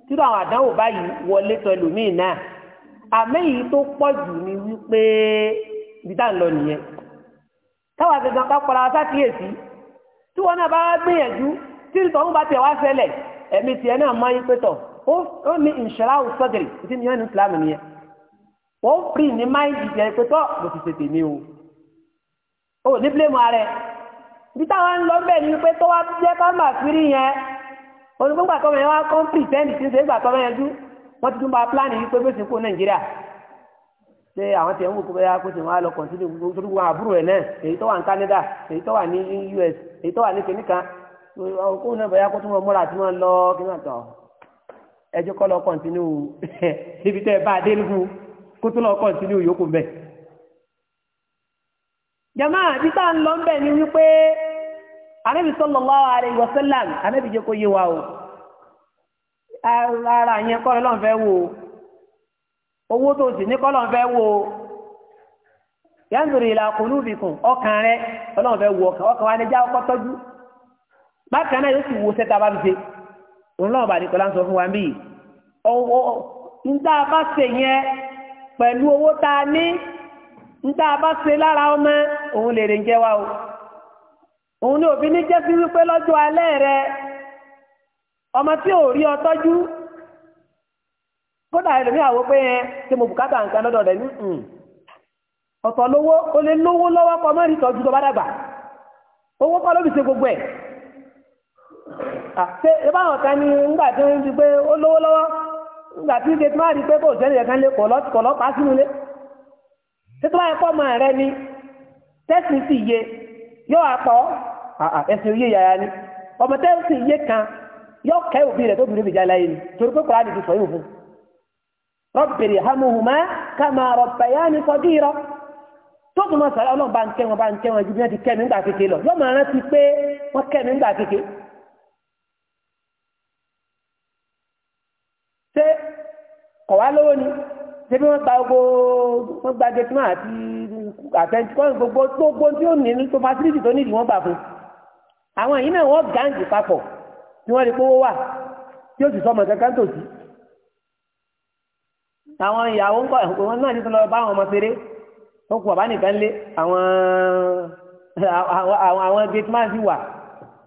[SPEAKER 2] tírú àwọn àdánwò báyìí wọlé tọ́lùmí náà àmẹ́yìí tó pọ̀ jù ni wípé ibi tá à ń lọ nìyẹn táwa gangan ká pọra sákìyèsí tí wọn náà bá gbìyànjú tí ìtọ́hún bá tiẹ̀ wá ṣẹlẹ̀ ẹ̀mí tiẹ̀ náà mọ ipe tọ̀ ó ní ìṣẹ̀lá òṣọ́gìrì tí nìyẹn ní Islam nìyẹn wọ́n fi ní máìlì tiẹ̀ ipe tọ̀ mo ti tètè ń lọ bẹ́ẹ̀ wọ́n ti tún bá pílánì yìí pé bí ó sì kó nàìjíríà ṣé àwọn tẹ̀ ń wò kó bẹ́ẹ̀ kó sì wọ́n á lọ kọ̀ǹtínú torí wọn àbúrò ẹ̀ náà èyí tó wà ní Canada èyí tó wà ní US èyí tó wà ní kìnìkan kó náà bẹ́ẹ̀ kó tún wọn múra tí wọ́n lọ kí wọ́n tọ̀ ẹjọ́ kọ́ lọ kọ̀ǹtínú [laughs] ibi tẹ́ ẹ bá dé nínú kó tún lọ kọ̀ǹtínú yòókù bẹ́ẹ̀. jama àti tá à ń lọ ń bẹ̀ ni wípé anabi sallallahu alaihi wasallam anabi jẹ́ ara yẹn kọ́ lọ́n fẹ́ wò owó tó sì ní kọ́ lọ́n fẹ́ wò yanzuru ila ọkàn rẹ ọlọ́run fẹ́ wò ọkàn wa ni já ọkọ tọ́jú bákan náà yóò sì wo sẹ́ta bá fi ṣe òun bá ní kọ́lá ń sọ fún wa bíi ọwọ́ níta bá ṣe yẹn pẹ̀lú owó tá a ní níta bá ṣe lára ọmọ òun lè wa o òun ni òbí ní jẹ́ sí wípé lọ́jọ́ alẹ́ rẹ ọmọ tí ò rí ọtọ́jú kódà ẹlòmí àwọ pé ẹ ṣe mo bùkátà nǹkan lọ́dọ̀ rẹ̀ ní ọ̀tọ̀ lówó o lè lówó lọ́wọ́ kọ mọ́rin tọ́jú tó bá dàgbà owó kọ́ ló fi ṣe gbogbo ẹ̀ kan ní ńgbà tí wọ́n ti pé ó lówó lọ́wọ́ ńgbà tí ṣe tí wọ́n rí pé kò sẹ́ni ẹ̀kan kọ̀ sínú lé tí wọ́n kan yọ kẹ́ òbí rẹ̀ tóbi níbi jáláyé ni torí pé kòránì ti sọ yóò fún rọ́bìrì hamuhuma kama rọ̀bàyáni fọ́dírọ tó tún mọ́ sọ̀rọ̀ ọlọ́run bá ń kẹ́ wọn bá ń kẹ́ wọn ju bí wọ́n ti kẹ́ mi ńgbà kéke lọ yọ máa rántí pé wọ́n kẹ́ mi ńgbà kéke. ṣé kọ̀wá lówó ni ṣé bí wọ́n gba gbogbo gba gẹ̀tì náà àti àtẹ̀ntì gbogbo gbogbo tí ó ní tó fasiliti tó nídìí wọ́n gbà fún àwọn yìí náà wọ́n gáǹgì papọ̀ tí wọ́n lè kówó wà tí ó sì sọmọ kankan tòsí àwọn ìyàwó ń kọ wọn náà nítorí lọ bá àwọn ọmọ péré ó kù bàbá nìkan lé àwọn àwọn gateman sì wà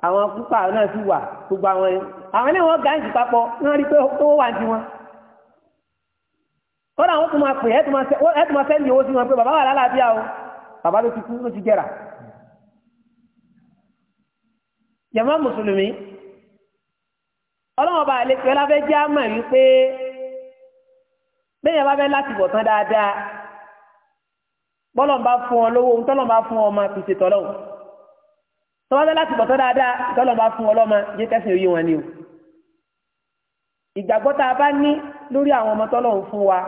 [SPEAKER 2] àwọn púpà náà sì wà gbogbo àwọn àwọn ilé wọn gáàsì papọ̀ wọ́n rí pé owó wà ní tiwọn kọ́nà àwọn tó máa pè ẹ́ tó sẹ́ndì owó sí wọn pé bàbá wà lálàáfíà o bàbá ló ti kú ló ti jẹrà jàmá mùsùlùmí ọlọ́wọ́n bá àlejò ẹlábẹ́ já mọ̀ wípé bẹ́ẹ̀ bá fẹ́ láti bọ̀ tán dáadáa bọ́lọ̀ ń bá fún ọ lówó ohun tọ́lọ̀ ń bá fún ọ máa fi ṣètọ́ lọ́wọ́ tọ́wọ́ fẹ́ láti bọ̀ tán dáadáa tọ́lọ̀ ń bá fún ọ lọ́mọ yé kẹ́sìn oyé wọn ni o ìgbàgbọ́ tá a bá ní lórí àwọn ọmọ tọ́lọ̀ ń fún wa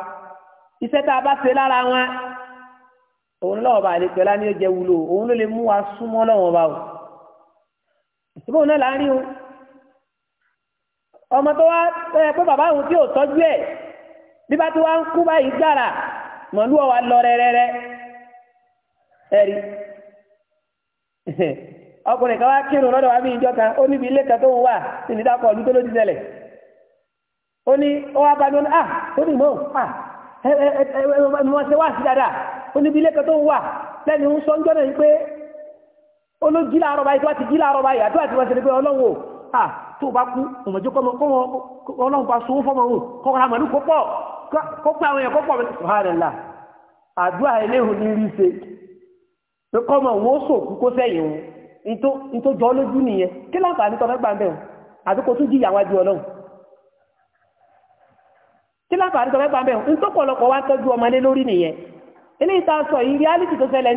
[SPEAKER 2] iṣẹ́ tá a bá ṣe lára wọn òun lọ́wọ́ bá àlejò ẹlá ní ó jẹ wúlò òun ló lè mú wa súnmọ́ lọ́wọ́ bá o ìṣubú náà láàárín o ọmọ tó wá tọ́yẹ pé bàbá òun tí ò tọ́jú ẹ̀ bí bá tí wá ń kú báyìí gbàrà mọ̀lú ọ̀wà lọ rẹ́rẹ́rẹ́ ẹ̀rí
[SPEAKER 1] [laughs]
[SPEAKER 2] ọkùnrin kan wá kírun lọ́dọ̀ wa bí ìjọ kan ó níbi ilé kan tó ń wà níbi dákọ̀ ọdún tó ló ti ṣẹlẹ̀ ó ní ó wá bá lónìí à ó ní mọ́ à ẹ ẹ ẹ mọ́ ṣe wá sí dáadáa ó níbi ilé kan tó ń wà lẹ́nu ń sọ ń jọ́nà yìí pé ó ló jí láàárọ̀ báyìí tó wá ti jí láàárọ̀ báyìí àtúwàtí wọ́n ṣe ni pé ọlọ́run à tó bá kú ọmọdé kọ́ ọlọ́run bá sọ fọ́mọ òun kọ́kọ́ àmàlú kọ́pọ̀ kọ́pọ̀ àwọn èèyàn kọ́pọ̀ ṣùhánilá àdúrà eléhùn ní rí ṣe pé kọ́mọ òun ó sòkú kó sẹ́yìn òun nító jọ lójú nìyẹn kí láǹfààní tọ́fẹ́ gbà ń bẹ̀rù àti kò tún jí ìyàwó adé ọlọ́run kí láǹfààní tọ́fẹ́ gbà ń bẹ̀rù nító pọ̀lọpọ̀ wá tọ́jú ọmọdé lórí nìyẹn eléyìí tá a sọ yìí reality tó ṣẹlẹ̀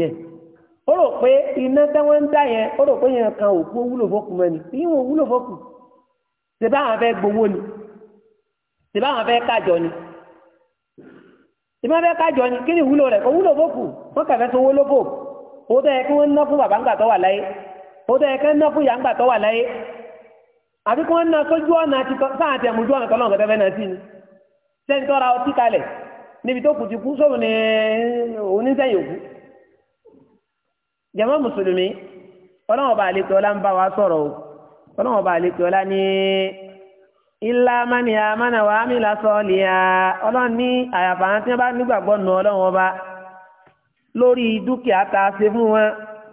[SPEAKER 2] ní o ó rò pé iná tẹ́wọ́n ń dá yẹn ó rò pé yẹn kan òkú wúlò fọ́kù mẹ́ni ìwọ̀n wúlò fọ́kù ṣèbá àwọn fẹ́ gbowó ni ṣèbá àwọn fẹ́ kájọ ni ṣèbá àwọn fẹ́ kájọ ni kí ni wúlò rẹ̀ kò wúlò fọ́kù wọ́n kàfẹ́ sanwó lóbò owó tó yẹ kí wọ́n ná fún bàbá ńgbà tó wà láyé owó tó yẹ kí wọ́n ná fún ìyá ńgbà tó wà láyé àbí kí wọ́n ná sójú ọ̀nà sáà tẹ̀ mú jàmá mùsùlùmí ọlọ́wọ́n bá àlekè ọlá ń bá wa sọ̀rọ̀ o ọlọ́wọ́n bá àlekè ọlá ní ilá mánìyà mánà wàá mi là sọ lìyà ọlọ́run ní àyàfà tí wọ́n bá nígbàgbọ́ nù ọlọ́wọ́n bá lórí dúkìá tá ṣe fún wọn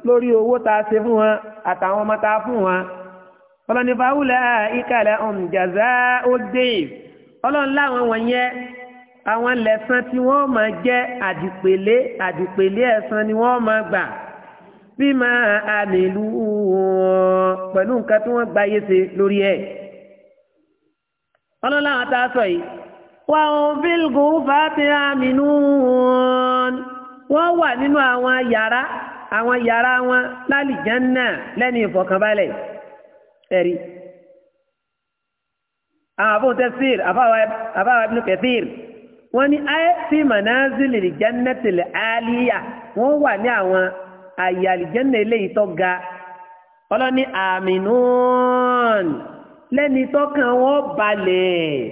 [SPEAKER 2] lórí owó tá ṣe fún wọn àtàwọn ọmọ tá fún wọn ọlọ́ni fáwùlà ìkàlẹ̀ ọ̀njàzá òde ọlọ́run láwọn wọ̀nyẹn àwọn lẹ̀san tí wọ́n máa jẹ́ àdìpèlé àdìpèlé ẹ̀san ni wọ́n máa gbà bí máa àmìlú wọn pẹ̀lú nǹkan tí wọ́n gbáyé ṣe lórí ẹ̀. ọlọ́lá àwọn tá a sọ yìí wà òun fílgù fàtí àmìnú wọn wọ́n wà nínú àwọn yàrá àwọn yàrá wọn lálìjánná lẹ́ni ìfọ̀kànbalẹ̀ ẹ̀rí. àwọn àbóhùn tafsir àbáwá ibn Kathir wọ́n ní ayé sí manazil lil jannati al aliya wọ́n wà ní àwọn àyè àlìjẹ́nà eléyìí tó ga ọlọ́ni àmìnún lẹ́ni tọ́kàn wọn balẹ̀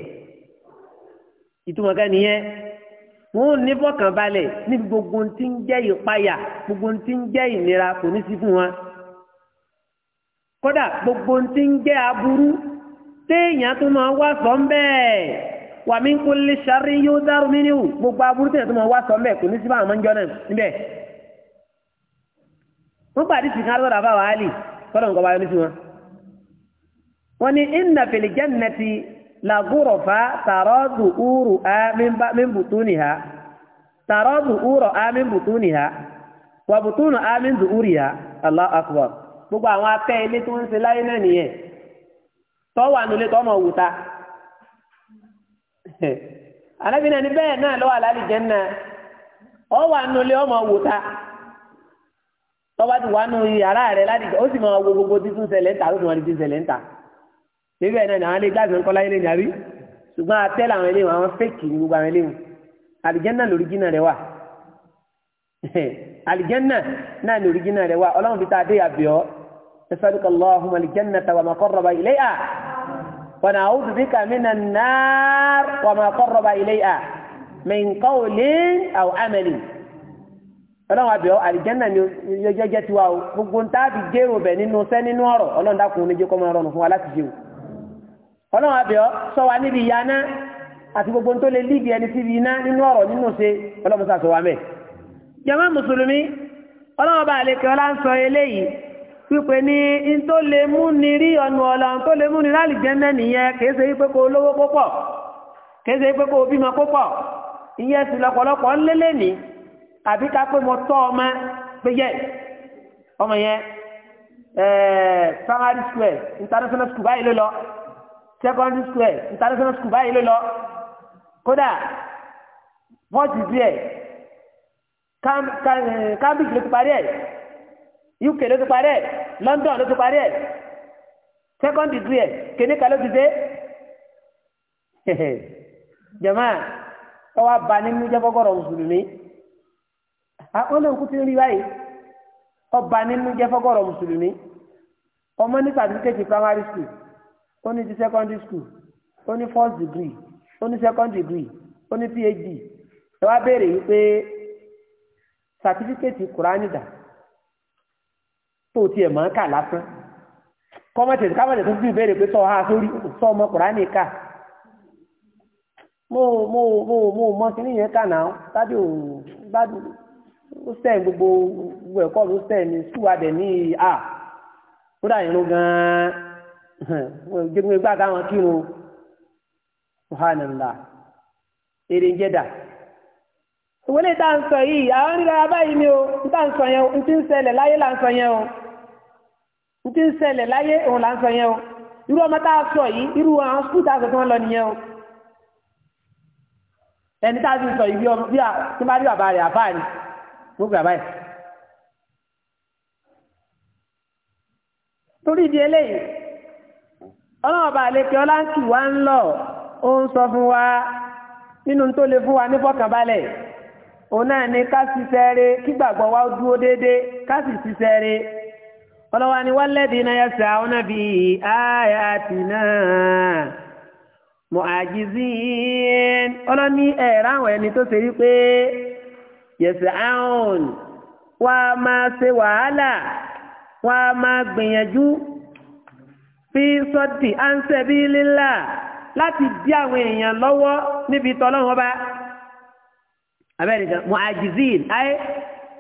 [SPEAKER 2] ìtumọ̀ ká nìyẹn wọn ò ní fọkàn balẹ̀ níbi gbogbo ohun tí ń jẹ́ ìpayà gbogbo ohun tí ń jẹ́ ìnira kò ní sí fún wọn kódà gbogbo tí ń jẹ́ aburú téèyàn tó máa wá sọ mbẹ́ẹ̀ wàmí kúlẹ̀ sáré yóò dárú mí gbogbo aburú téèyàn tó máa wá sọ mbẹ́ẹ̀ kò ní sí fún àwọn ọmọ ìjọ náà níbẹ̀. wọ́n gbà àdìsí kan lọ́dọ̀ àbáwá àlì kọ́lọ̀ nǹkan wáyé lóṣù wọn. wọ́n ní inna fil jannati la ghurafa tàrọ́dù úrù á akbar gbogbo àwọn afẹ́ ilé tí ń ṣe láyé náà nìyẹn tọ́wọ́ ànulẹ̀ tọ́mọ̀ wùta alábìnrin ni bẹ́ẹ̀ náà lọ́wọ́ àlálì ọ ọ wùta. tọ́ba ti wà nù yàrá rẹ̀ láti ó sì máa wo gbogbo títún ṣẹlẹ̀ ń ta ó sì máa di títún ṣẹlẹ̀ ń ta ṣébí ẹ̀ náà ni àwọn ilé gíláàsì ńkọ́ láyé lè ní àrí ṣùgbọ́n atẹ́ làwọn ilé wọn àwọn fẹ́ẹ̀kì ní gbogbo àwọn ilé wọn àlìjẹ́nà lóríjìnà rẹ̀ wà [laughs] àlìjẹ́nà náà lóríjìnà rẹ̀ wà ọlọ́run fi ta adé àbíọ́ ẹ̀sọ́dúkọ̀ lọ́hùn ọlọ́run àbẹ̀wò àlìjẹ́nà ni yẹjẹ́ tiwa o gbogbo ń táàbì gèrò bẹ̀ nínú sẹ́ nínú ọ̀rọ̀ ọlọ́run dákun oníjẹ́ kọ́ máa rọrùn fún wa láti jẹun ọlọ́run àbẹ̀wò sọ wa níbi ìyá náà àti gbogbo ń tó lè líbi ẹni síbi iná nínú ọ̀rọ̀ nínú ṣe ọlọ́run sàṣọ wa mẹ́. jàmá mùsùlùmí ọlọ́run bá àlekè ọlá ń sọ eléyìí wípé ní n tó lè mú ni ni àbí ká pé mo tọ́ ọmọ pé yẹ ọmọ yẹn eh, primary school international school báyìí ló lọ secondary school international school báyìí ló lọ kódà bọ́ọ̀tì díẹ̀ eh, cambridge ló ti parí ẹ̀ uk ló ti parí ẹ̀ london ló ti parí ẹ̀ second degree ẹ̀ kìnnìkan ló ti dé [laughs] jama ọwọ́ abaninú jẹ́ fọ́gọ́rọ̀ mùsùlùmí àwọn náà kú ti ń rí báyìí ọba nínú jẹ́ fọ́gọ́rọ̀ mùsùlùmí ọmọ ní certificate primary school ó ní ti secondary school ó ní first degree ó ní second degree ó ní phd ẹ wá béèrè yìí pé certificate kùránì dà tó tiẹ̀ máa ń kà lásán kọ́mọ̀tì kámọ̀tì tó fi béèrè pé tọ́ ha sórí sọ ọmọ kùránì kà mo mo mo mo mọ sí nìyẹn kà náà tábí òun gbádùn hostel gbogbo gbogbo ẹ̀kọ́ hostel ni school adẹ̀ ní a kódà irun gan-an jẹ́gun ẹgbẹ́ àtàwọn kírun subhanallah èrè ń jẹ́dà ìwọlé tá à ń sọ yìí àwọn nígbà abáyìí ni o n tá à ń sọ yẹn o n ti ń ṣẹlẹ̀ láyé là ń sọ yẹn o n ti ń ṣẹlẹ̀ láyé òun là ń sọ yẹn o irú ọmọ tá a sọ yìí irú àwọn skul tá a sọ tí wọ́n lọ nìyẹn o ẹni tá a ti sọ yìí bí ọmọ bí a tí wọ́n rí bàbá rẹ̀ àbá rẹ̀. tó gbà báyìí. torí ìdí eléyìí ọlọ́ọ̀bà àlekè ọlá ń kì wá ń lọ ó ń sọ fún wa nínú tó lè fún wa ní fọkànbalẹ̀ òun náà ni ká ṣiṣẹ́ rẹ kígbàgbọ́ wa dúró déédéé ká sì ṣiṣẹ́ rẹ ọlọ́wà ni walladhina yas'awna bi ọlọ mu'ajizin ọlọ́ni ẹ̀ráwọ̀ ẹni tó ṣe rí pé. yẹ̀sẹ̀ áhùn wọ́n á máa ṣe wàhálà wọ́n á máa gbìyànjú fi sọ́dì ánsẹ̀ bí lílà láti dí àwọn èèyàn lọ́wọ́ níbi tọ́lọ́wọ́n bá abẹ́rẹ́ mu'ajizin ayé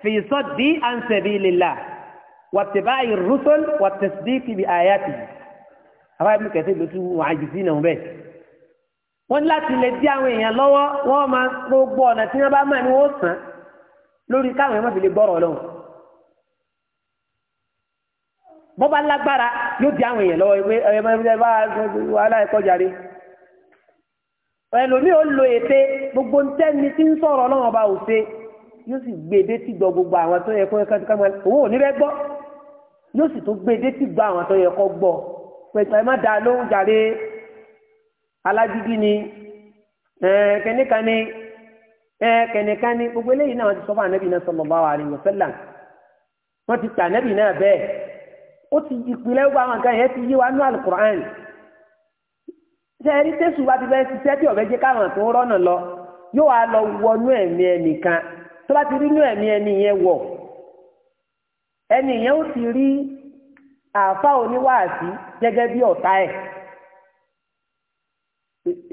[SPEAKER 2] fi sọ́dì ánsẹ̀ bí lílà wàtẹ̀bá ìrúsọ́l wàtẹ̀sídìkì bí àyàtì àwọn ẹbí kẹsẹ̀ ló tún mu'ajizin bẹ́ẹ̀ wọ́n láti lè dí àwọn èèyàn lọ́wọ́ wọ́n máa gbogbo ọ̀nà tí wọ́n bá mọ̀ ní wọ́n sàn lórí káwọn ẹ̀mọ́ fi lè gbọ́rọ̀ lọ́wọ́ bọ́ bá lágbára yóò di àwọn èèyàn lọ́wọ́ ìwé ẹ̀mọ́ ìwé bá wàhálà ẹ̀kọ́ jáde ẹlòmí ò lo ète gbogbo ntẹ́ni tí ń sọ̀rọ̀ lọ́wọ́ bá ò ṣe yóò sì gbé edé tí gbọ́ gbogbo àwọn tó yẹ kó yẹ kó owó ò ní bẹ́ gbọ́ yóò sì tún gbé edé tí gbọ́ àwọn tó yẹ kó gbọ́ pẹ̀tọ́ ẹ má da lóhùn jáde alágídí ni ẹ̀ẹ́dẹ́gbẹ̀kan ni kẹ̀nìkan ni gbogbo eléyìí náà ti sọ fún anabi náà sallallahu alaihi wasallam wọ́n ti tà anabi náà bẹ́ẹ̀ ó ti ìpìlẹ̀ gbogbo àwọn nǹkan yẹn ti yí wa nú alukur'an sẹ́ẹ̀rí tẹ́sù wa ti fẹ́ ṣiṣẹ́ tí ọ̀bẹ jẹ́ káwọn tó rọ́nà lọ yóò wá lọ ẹ̀mí tó bá ti rí inú ẹ̀mí yẹn wọ̀ ẹni yẹn ó ti rí àáfà oníwàásí gẹ́gẹ́ bí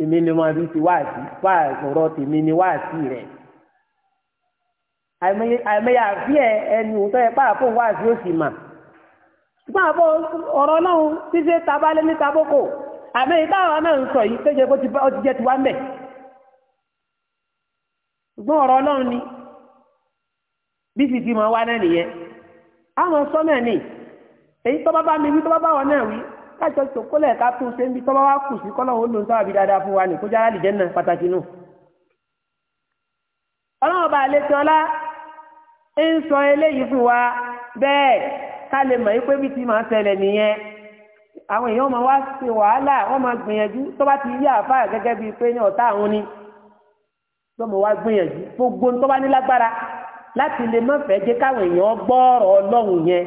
[SPEAKER 2] èmi ni mo àbí ti wáàsí wáàsí ọ̀rọ̀ tèmi ni wáàsí rẹ̀ àìmọye àfi ẹ ẹni òótọ́ ẹ pààfó wáàsí ó sì mà pààfó ọ̀rọ̀ náà ṣíṣe tabalẹ̀ ní taboko àmì ìtawà náà ń sọ yìí tó jẹ́ kó ti jẹ́ tiwa mẹ́ ṣùgbọ́n ọ̀rọ̀ náà ni bí sì ti máa wá náà nìyẹn àwọn sọ náà ni èyí tó bá bá mi wí tó bá bá wọn náà wí kájọ tòkólẹ̀ ká tún ṣe ń bi tọ́ba wá kù sí kọ́lọ́hún ó lòun sábà bí dáadáa fún wa ní kójá láti jẹ́ náà pàtàkì nù. ọlọ́run ọba àlejò ọlá ń sọ eléyìí fún wa bẹ́ẹ̀ ká lè mọ̀ yí pé bí ti máa ṣẹlẹ̀ nìyẹn àwọn èèyàn máa wá ṣe wàhálà wọ́n máa gbìyànjú tó bá ti yí àfáà gẹ́gẹ́ bíi pé ní ọ̀tá àwọn ni tó mọ̀ wá gbìyànjú gbogbo tó bá ní lágbára láti lè mọ̀fẹ́ jẹ́ káwọn èèyàn gbọ́ ọ̀rọ̀ ọlọ́run yẹn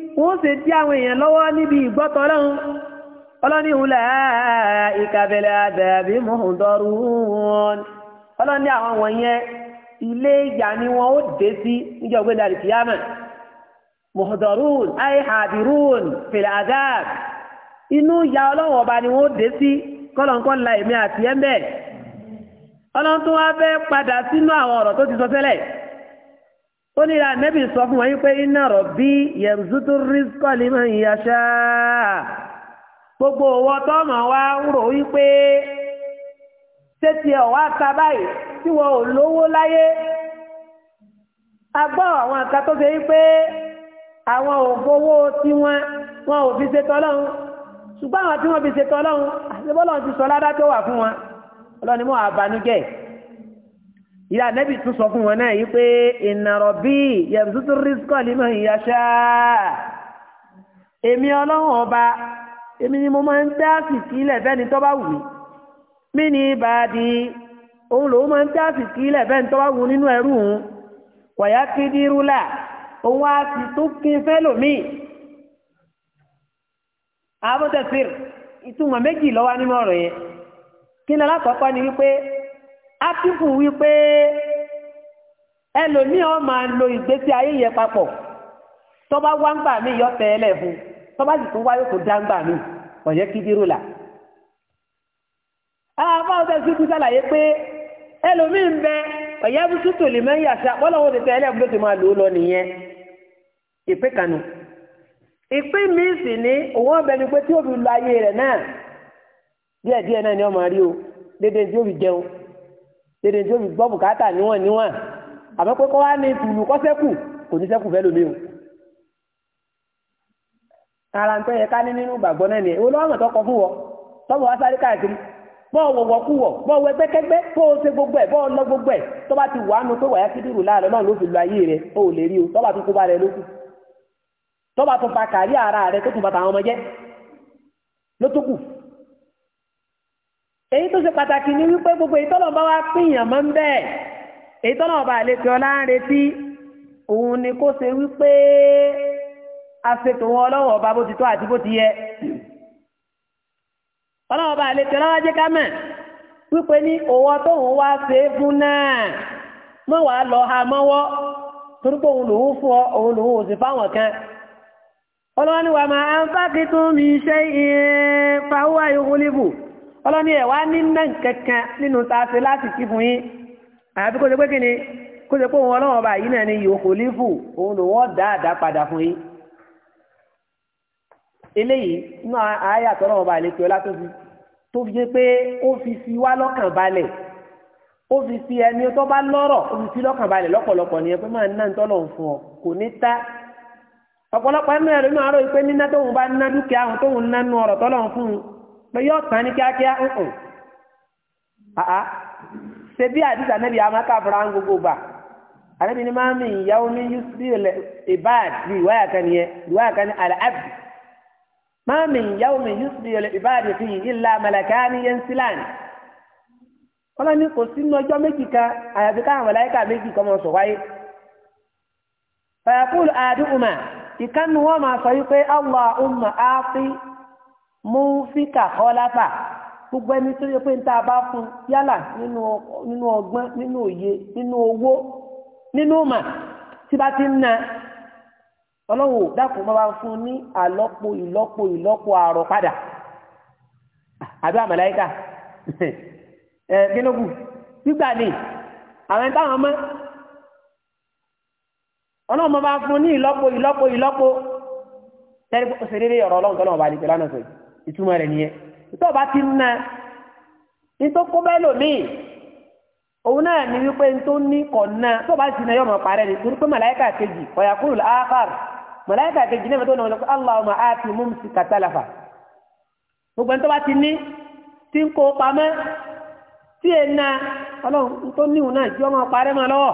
[SPEAKER 2] wọ́n se dí àwọn èèyàn lọ́wọ́ níbi ìgbọ́tọ̀ ọlọ́ni ìhùlẹ̀ ìkàbẹ̀lẹ̀ àdàbí mọ̀húndọ́rù wọn ọlọ́ni àwọn wọ̀nyẹn ilé ìyà ni wọ́n ó dé sí níjọ́ ògbéni àdìsíyámẹ̀ mọ̀húndọ́rù ayé àbírùn inú ìyà ọlọ́wọ̀n ó ní ànẹ́bì sọ fún wọn yí pé iná rọ̀ bí yẹ̀mùsútú rísíkọ̀ ní mọ̀ ìyá ṣáà gbogbo owó tọ́mọ̀ wá ń rò wí pé tètè ọ̀wá ta báyìí tí wọn ò lówó láyé a àwọn àka tó ṣe wípé àwọn ò fowó tí wọn ò fi ṣe tọ́lọ́hún ṣùgbọ́n àwọn tí wọ́n fi ṣe tọ́lọ́hún àti bọ́lọ́hún ti sọ ládá tó wà fún wọn ọlọ́ni mọ́ àbánújẹ́ yìí ìyá nẹ́bí tún sọ fún wọn náà yìí pé ìnàrọ̀ bíi yẹ̀mùtútù rísíkọ̀ nínú ìyàṣá èmi ọlọ́run ọba èmi ni mo máa ń dá àsìkí ilẹ̀ bẹ́ni tó bá wù mí mí ní ìbàdí òun lòun máa ń dá àsìkí ilẹ̀ tó bá wù nínú ẹrú òun wàyà kí dírúlà òun á sì tún kí fẹ́ lòmíì àbọ̀tẹ̀sìr ìtumọ̀ méjì ló nínú ọ̀rọ̀ yẹn kí ni alákọ̀ọ́kọ́ ni wípé átíkù wípé ẹlòmíì ọ máa lo ìgbésí ayé yẹn papọ̀ tọ́ba wá ń gbà mí yọ tẹ́lẹ̀ fún tọ́ba sì tún wáyé kò dá ń gbà mí ọ̀yẹ́ kídíró là. àwọn ọ̀sẹ̀ sí kú sàlàyé pé ẹlòmíì ń bẹ ọ̀yẹ́ bí sútò lè mẹ́rin àṣà bọ́lọ́wọ́ ti tẹ́lẹ̀ fún ló ti máa lò ó lọ nìyẹn ìpè kanu. ìpè mi sì ní òun ọ̀bẹ ni pé tí ó fi lo ayé rẹ̀ náà díẹ̀díẹ̀ náà ni ọ máa rí o dédé tí ó fi gbọ́ bùkátà níwọ̀n níwọ̀n àmọ́ pé kọ́ wá ní tùlù kọ́ sẹ́kù kò ní sẹ́kù fẹ́ lómi o. ara ń tọ́ yẹ ká ní nínú gbàgbọ́ náà nìyẹn olówó àmọ̀ tó kọ fún wọ tọ́wọ́ wá sáré káàkiri bọ́ọ̀ wọ̀wọ̀ kú wọ̀ bọ́ọ̀ wẹ gbẹ́kẹ́gbẹ́ bọ́ọ̀ ṣe gbogbo ẹ̀ bọ́ọ̀ lọ gbogbo ẹ̀ tó bá ti wà á nu pé wàyà kídìrú láàrọ̀ náà ló fi lu ayé rẹ̀ o ò lè rí o tọ́ba tó kó bá rẹ̀ lókù tọ́ba tó fa kàrí ara rẹ̀ tó tún bàtà àwọn ọmọ jẹ́ ló tó kù èyí tó ṣe pàtàkì ni wípé gbogbo èyí tọ́lọ̀ bá wá pìyàn mọ́ ń bẹ́ẹ̀ èyí tọ́lọ̀ bá lè fi ọlá ń retí òun ni kó ṣe wípé aṣètò wọn ọlọ́wọ́ ọba bó ti tó àti bó ti yẹ ọlọ́wọ́ bá lè fi ọlá wá jẹ́ ká mọ̀ wípé ní òwò tóun wá ṣe é fún náà mọ́ wàá lọ ha mọ́wọ́ torí pé òun lòun fún ọ òun lòun ò sì fáwọn kan ọlọ́wọ́ ni wàá máa ń fákìtún mi ṣe é fàwọn ìwúlíbù ọlọ́ni ẹ̀ wá ní náà kankan nínú tá a ṣe láti kí fún yín àyàfi kó ṣe pé kíni kó ṣe pé òun ọlọ́run ọba yìí náà ni yòókù lífù òun ló wọ́n dá àdá padà fún yín eléyìí inú àáyà tọ́lọ́ ọba àlejò ọlá tó fi tó fi jẹ́ pé ó fi fi wá lọ́kàn balẹ̀ ó fi fi ẹni tó bá lọ́rọ̀ ó fi fi lọ́kàn balẹ̀ lọ́pọ̀lọpọ̀ ni ẹ pé máa ná tọ́lọ̀ ń fún ọ kò ní ta ọ̀pọ̀lọpọ̀ ẹnu ẹ̀rọ inú àárọ̀ yìí pé níná tóun bá ná dúkìá òun tóun ná nu ọ̀rọ̀ tọ́lọ̀ ń fún un pé yóò tán ní kíákíá nǹkan àá ṣe bí àdìsá níbi àmàkà fúnra ń gbogbo gbà àníbi ní mi ìyàwó mi yú sí ìbáàd ní ìwáyà kan yẹn ìwáyà kan ní ìyàwó mi yú sí ìbáàd fi ìlà màlàkà ní yẹn sílánì wọn ní kò sínú ọjọ́ méjì kan àyàfi káwọn méjì kan mọ fàyàkùl ìkànnì wọn máa sọ pé mufika kọlápà gbogbo ẹni tó yẹ pé níta bá fún yálà nínú ọgbọ́n nínú òye nínú owó nínú mà tí bá ti ń na ọlọ́wọ́ dákun bá bá fún ní àlọ́po ìlọ́po ìlọ́po àrọ̀ padà àbí àmàláyíkà ẹ [laughs] eh, kínókù gbígbà ni àwọn ẹni táwọn mọ́ ọlọ́wọ́ bá fún ní ìlọ́po ìlọ́po ìlọ́po tẹ́lifíṣẹ́ rere ọ̀rọ̀ ọlọ́run tọ́lọ́wọ́ bá di pẹ̀lú àná ìtumọ̀ rẹ̀ nìyẹn tó o bá ti ná nítorí kó bẹ́ẹ̀ lòmíì òun náà ní wípé tó ní kọ̀ náà tó o bá ti ná yọ̀mọ̀ parẹ́ ni torí pé màláìkà kejì ọ̀yàkúrò láàkàr màláìkà kejì náà tó náà Allahumma aati mumsi katalafa gbogbo ẹni tó bá ti ní tí ń kó pamẹ́ tí ẹ na ọlọ́run tó níhùn náà jí ọmọ parẹ́ mọ́ lọ́wọ́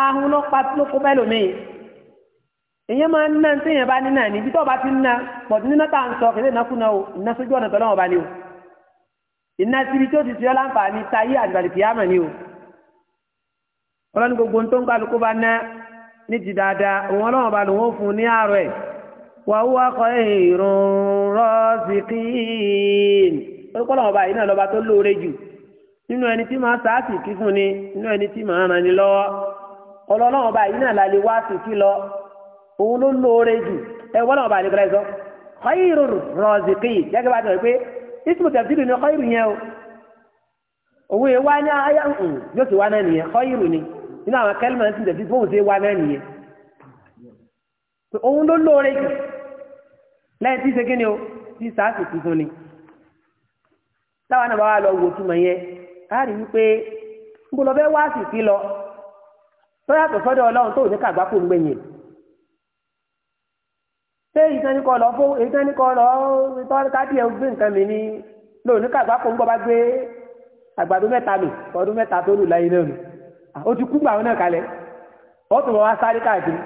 [SPEAKER 2] ahun ló kó bẹ́ẹ̀ lòmíì ìyẹn máa ń ná ní sẹ́yìn bá nínà ní ibi tó bá ti ń ná pọ̀jù nínú tá à ń sọ kìí náà kú náà o iná sójú ọ̀nà tọ́lọ́wọ́ bá ní o iná síbi tí ó ti ti ọ́ láǹfààní táyé àdìbàdì kìyàmà ní o ọlọ́ni gbogbo tó ń kálukú bá ná ní ti dáadáa òun ọlọ́wọ́ bá lòun ó fún un ní àárọ̀ ẹ̀ wà ó wá kọ́ ìrùn rọ́ọ̀sìkìn orúkọ lọ́wọ́ bá yìí náà lọ́ba tó lóore jù nínú ẹni tí máa sáàsì kí fún ni nínú ẹni tí máa ràn ní lọ́wọ́ ọlọ́wọ́ bá yìí náà lálẹ́ wá sí kí lọ òun ló lóore jù ẹ wọ́n náà bá a lè gbọ́dọ̀ sọ khairu rọ̀zìkì gẹ́gẹ́ bá a ti rẹ̀ pé ismu tẹ̀síìlì ni khairu yẹn o òun yẹn wá ní ayá ń yóò ti wá náà nìyẹn ni nínú àwọn kẹlẹ́mà ní tẹ̀síìlì bóun ṣe wá náà nìyẹn òun ló lóore jù lẹ́yìn tí ṣe kíni o tí sàásì tuntun ni náà bá wà lọ wò túmọ̀ yẹn wípé ń bọ̀ wá sì lọ tó yàtọ̀ ọlọ́run tó ò ní kàgbákò e ìtẹ́nikọ́ lọ fún ìtẹ́nikọ́ lọ tọ́rí káàdì ẹ̀ gbé nǹkan mi ní lónìí kàgbá kò ń gbọ́ bá gbé àgbàdo mẹ́ta mi ọdún mẹ́ta tó lù láyé náà nù ó ti kú gbà wọn náà kalẹ̀ ó tún wọn wá sáré káàkiri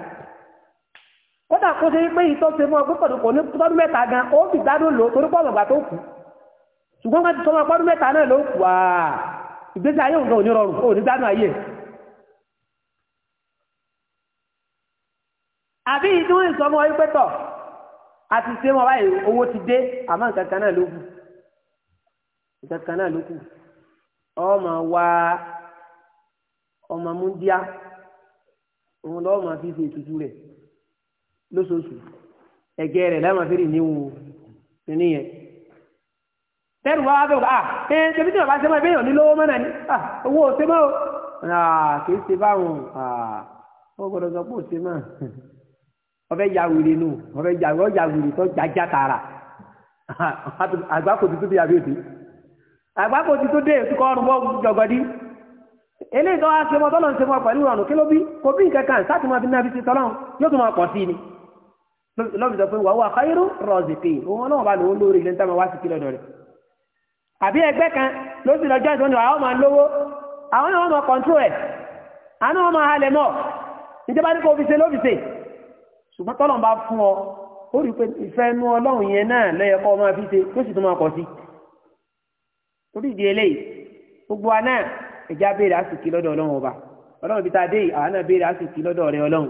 [SPEAKER 2] kódà kó ṣe pé ní tọ́dún mẹ́ta gan ó sì lò torí pọ̀ tó kù ṣùgbọ́n ti sọ àbí ìdí wọn ìsọmọ wípé tọ àti ṣé wọn báyìí owó ti dé àmọ́ nǹkan kan náà ló kù nǹkan kan náà ló kù ọmọ wa ọmọ múndíá òun lọ́wọ́ máa fi fi ètùtù rẹ̀ lóṣooṣù ẹ̀gẹ́ rẹ̀ láwọn fi rìn níwò nìyẹn tẹ́rù wá wá bẹ̀ Ah, ẹ ṣẹbi tí bàbá ṣe máa bẹ́yàn ní lówó mọ́nà ni ah, owó ò ṣe mọ́ o ah, kì í ṣe báwọn ah, ó gbọ́dọ̀ sọ pé ò ṣe mọ́ [laughs] ọbẹ̀ ya wèrè nù ọbẹ̀ ya wèrè ọjà wèrè tó jájá tààrà [laughs] àgbákò tuntun dé àbí ètò àgbákò tuntun dé ètò kọ́ ọ̀rùn bọ́ jọ̀gọ̀dí eléyìí tó wá ṣe mọ́ tọ́lọ́ ń ṣe mọ́ pẹ̀lú ìrọ̀rùn kí ló bí kò bí nǹkan kan sáà tí mo fi náà fi ṣe tọ́lọ́ yóò tún máa pọ̀ sí ni lọ́bi sọ pé wà wà khairu rọ̀zìkì òun náà bá lòun lórí ilé níta máa wá sí kí lọ́dọ̀ rẹ̀ àbí ẹgbẹ́ kan ló sì lọ jọ́sìn ní àwọn máa lówó àwọn náà wọ́n máa kọ̀ǹtró ẹ̀ àwọn náà wọ́n máa halẹ̀ mọ́ ìjọba ní kò fi ṣe lóbi ṣùgbọ́n tọ́lọ̀ bá fún ọ ó rí pé ìfẹ́ inú ọlọ́run yẹn náà lẹ́yẹkọ́ máa fi ṣe tó sì tó máa kọ̀ sí torí ìdí eléyìí gbogbo wa náà ẹja béèrè àsìkí lọ́dọ̀ ọlọ́run ọba ọlọ́run bí ta dé àwa náà béèrè àsìkí lọ́dọ̀ rẹ ọlọ́run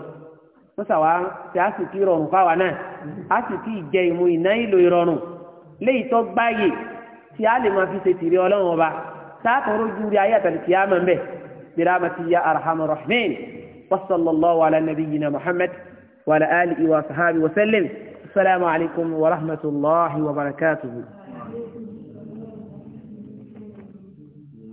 [SPEAKER 2] wọ́n sàwá ṣe àsìkí rọrùn fáwa náà àsìkí ìjẹ ìmú ìná ìlò ìrọ̀rùn léyìí tó gbáyè tí a lè máa وعلى آله وصحابه وسلم السلام عليكم ورحمة
[SPEAKER 1] الله وبركاته